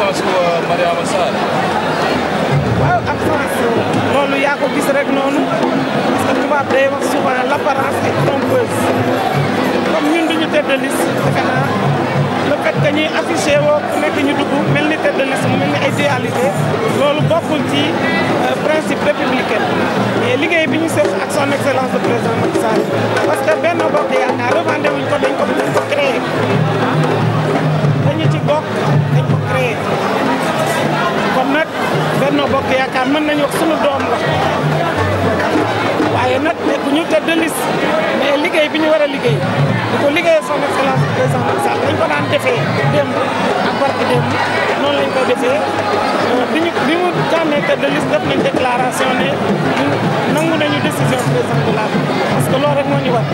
absence waaw absence loolu yaa ko gis rek noonu parce que tubaab day wax souvent l' apparence est trompeuse comme ñun duñu tête de liste defe naa ñuy affiché woo ku nekk ñu dugg mel ni tête mel ni ay loolu bokkul ci euh, principe républicain mais liggéey bi ñu set ak son excellence le président Macky Sall parce que Benno Bokk Yaakaar revendé wuñ ko dañ ko dañ ko créé. bokk yaakaar mën nañu wax sunu doom la waaye nag nekk ñu tête de mais liggéey bi ñu war a liggéey di ko liggéeyee son excellence président Macky Sall lañ ko daan defee démb ak barki démb noonu lañ ko defee euh, bi ñu bi mu tànnee de def nañ déclaration ne nangu nañu décision président de la parce que loolu rek moo ñu war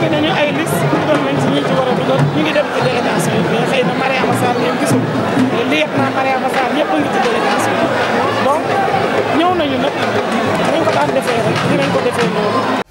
bëgg nañu ay liste dugal nañ si ñi ci war a dugal ñu ngi dem ci délégation yi mais xëy na Mariama Sarr ngeen gisul lii yëpp naa Mariama daan defee rek dinañ ko defee noonu